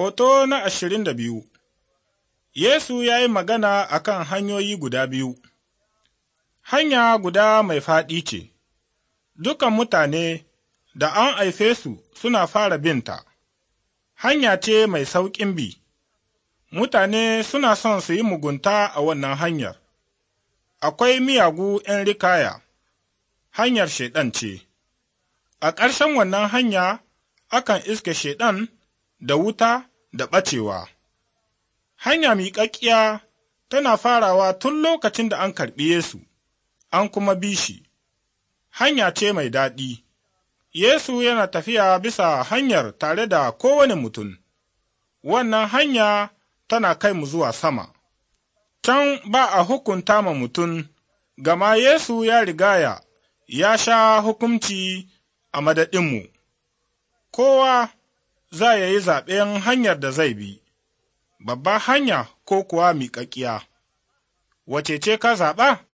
Hoto na ashirin da biyu Yesu ya yi magana a kan hanyoyi guda biyu Hanya guda mai faɗi ce, dukan mutane da an haife su suna fara binta, hanya ce mai sauƙin bi, mutane suna son su yi mugunta a wannan hanyar, akwai miyagu ’yan rikaya, hanyar Shaiɗan ce, a ƙarshen wannan hanya akan iske Shaiɗan da wuta da ɓacewa. Hanya miƙaƙƙiya tana farawa tun lokacin da an karɓi Yesu, an kuma bi shi, hanya ce mai daɗi. Yesu yana tafiya bisa hanyar tare da kowane mutum, wannan hanya tana kai mu zuwa sama. Can ba a hukunta ma mutum, gama Yesu ya rigaya ya sha hukunci a madadinmu. Kowa za ya yi zaɓen hanyar da zai bi, babba hanya ko kuwa miƙaƙiya. Wace ce ka zaɓa?